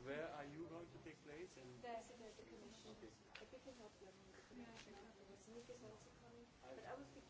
Where are you going to take place? And There's the commission. Okay. If you can help them with the commission yeah, afterwards. is also coming. I but I was thinking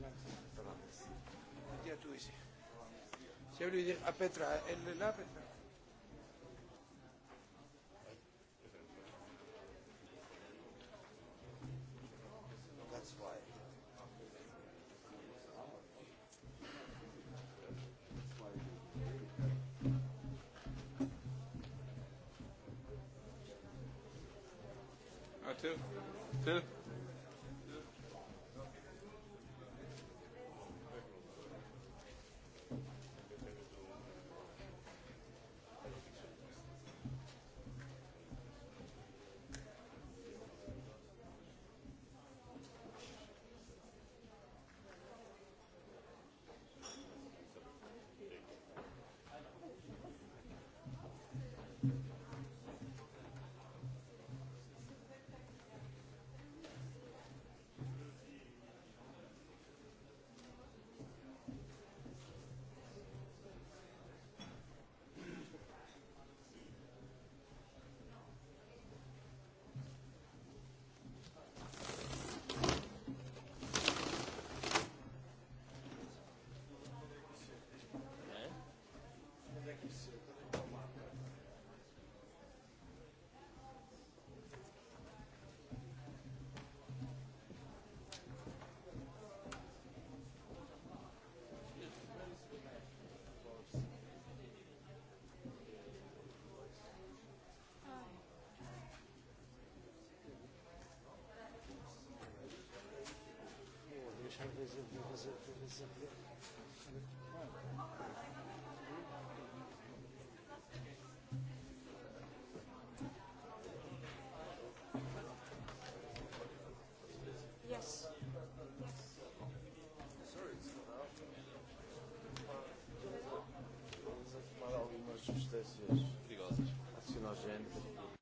Fernández. Ya tú dices. Si hablo y digo Petra, el de la Thank you. Yes. Malawi umas substâncias perigosas, acionogénicas.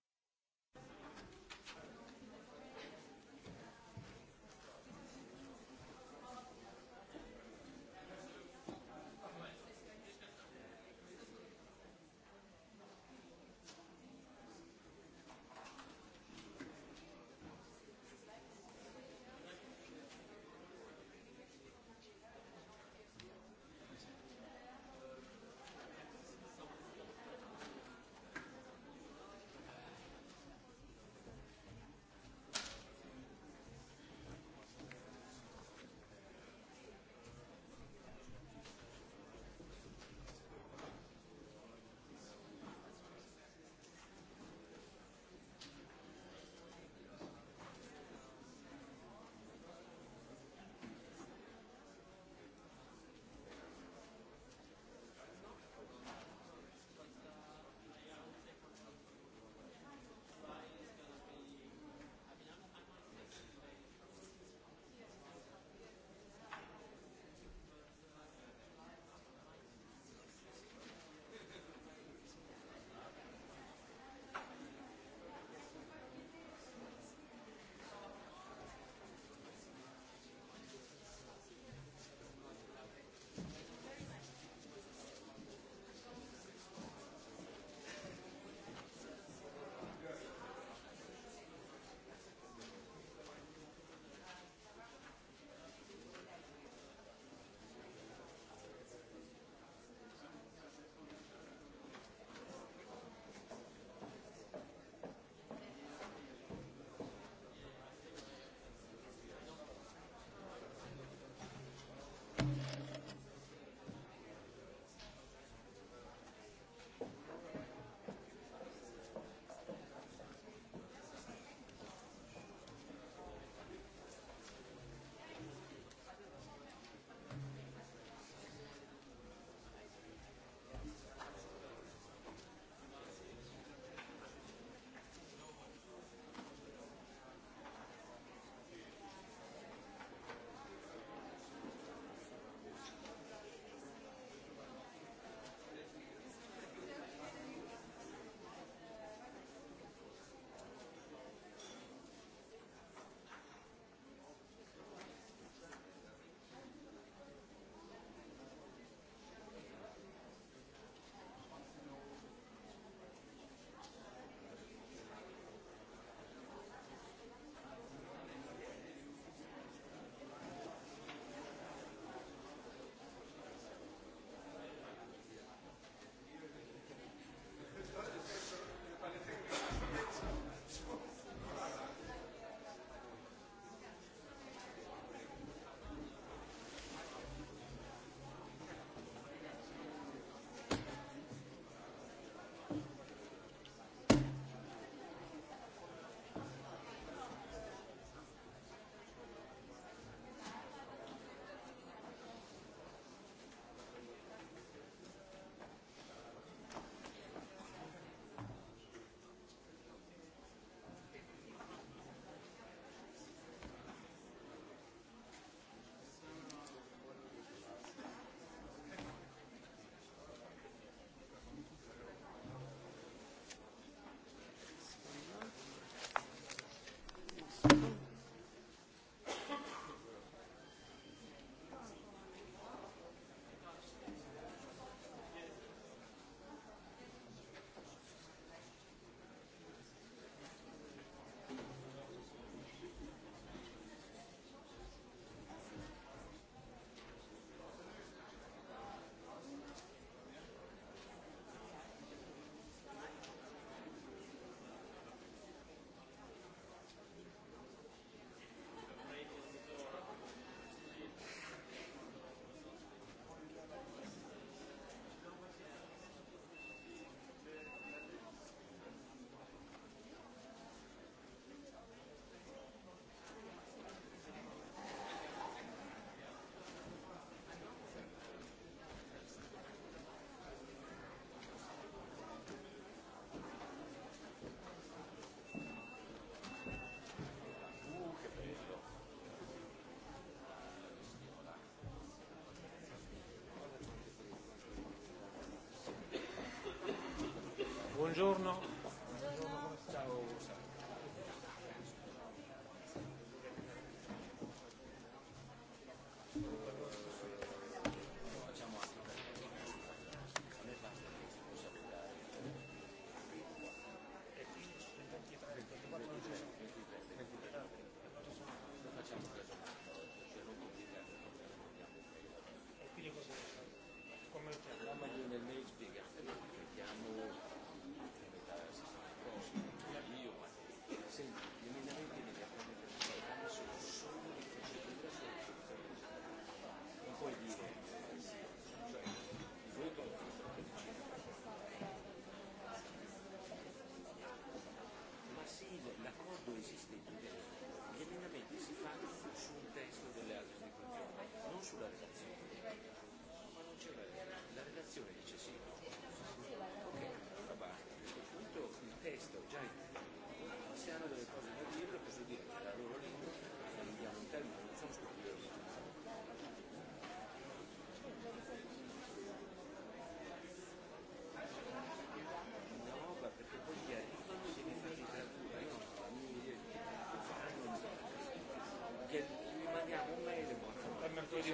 Buongiorno.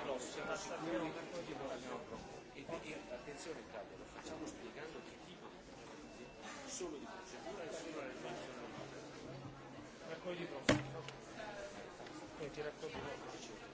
no, siamo sicuri e, e attenzione Carlo, lo facciamo spiegando che tipo di procedura, solo di procedura e solo la risoluzione raccogli prof. ti raccogli prof.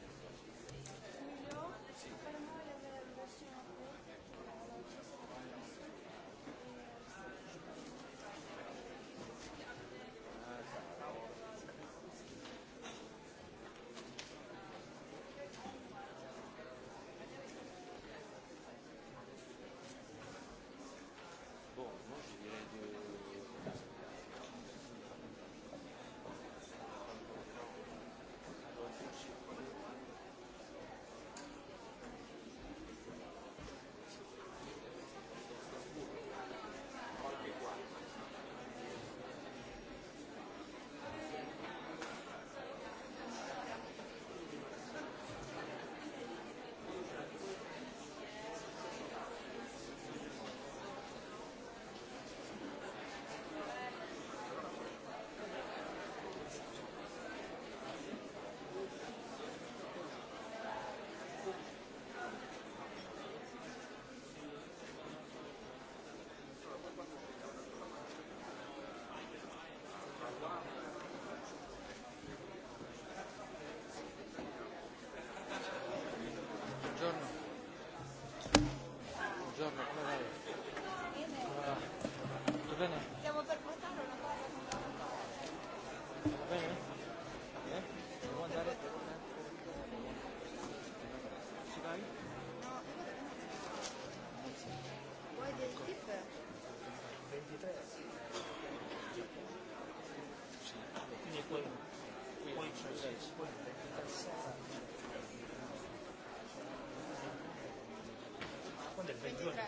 regione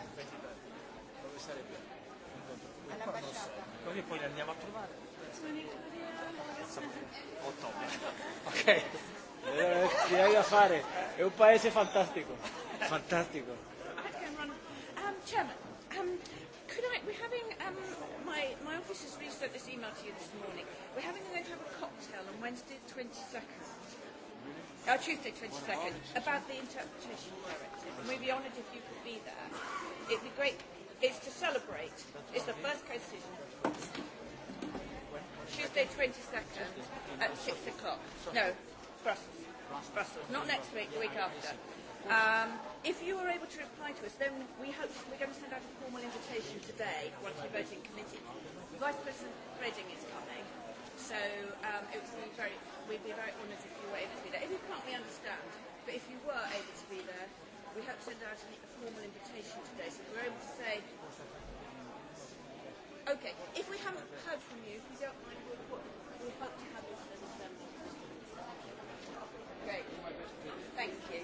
dove sarebbe all'ambasciata così poi li andiamo a trovare ottobre ok direi da fare è un paese fantastico fantastico um, chairman um, could I we're having um, my my office has reached out this email to you this morning we're having a, have cocktail on Wednesday the 22nd Oh, Tuesday, 22nd. About the interpretation directive. And we'd be honoured if you could be there. It'd be great. It's to celebrate. It's the first case decision. Tuesday, 22nd at 6 o'clock. No, Brussels. Brussels. Not next week, the week after. Um, if you are able to reply to us, then we hope we're going to send out a formal invitation today once you vote in committee. Vice President Redding is coming. So um, it would be very, we'd be very honoured if you were able to be there. If you can't, we understand. But if you were able to be there, we have to send out a formal invitation today. So if we're able to say, okay, if we haven't heard from you, if you don't mind, we'll, put, we hope to have you Great. Thank you.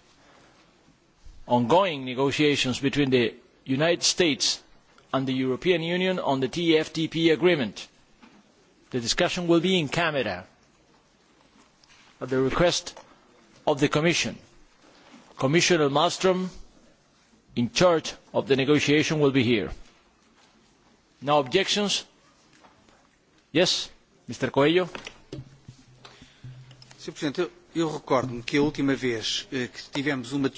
ongoing negotiations between the United States and the European Union on the TFTP agreement. The discussion will be in camera at the request of the Commission. Commissioner Malmstrm, in charge of the negotiation, will be here. No objections? Yes, Mr. Coelho. Sr. Presidente, eu, eu recordo-me que a última vez eh, que tivemos uma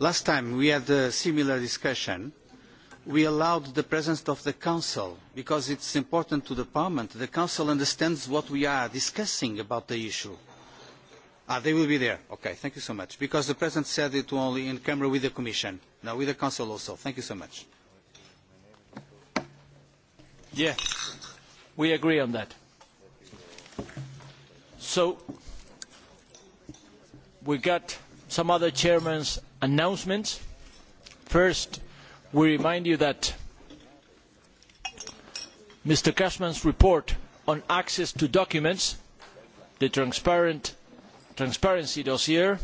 Last time we had a similar discussion. We allowed the presence of the Council because it's important to the Parliament. The Council understands what we are discussing about the issue. Ah, they will be there. Okay, thank you so much. Because the President said it only in camera with the Commission. Now with the Council also. Thank you so much. Yeah, we agree on that. So, we got some other chairman's announcements. First, we remind you that Mr. Cashman's report on access to documents, the transparent, transparency dossier,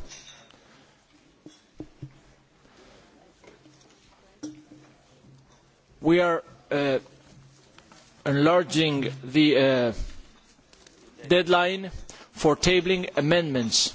we are uh, enlarging the uh, deadline for tabling amendments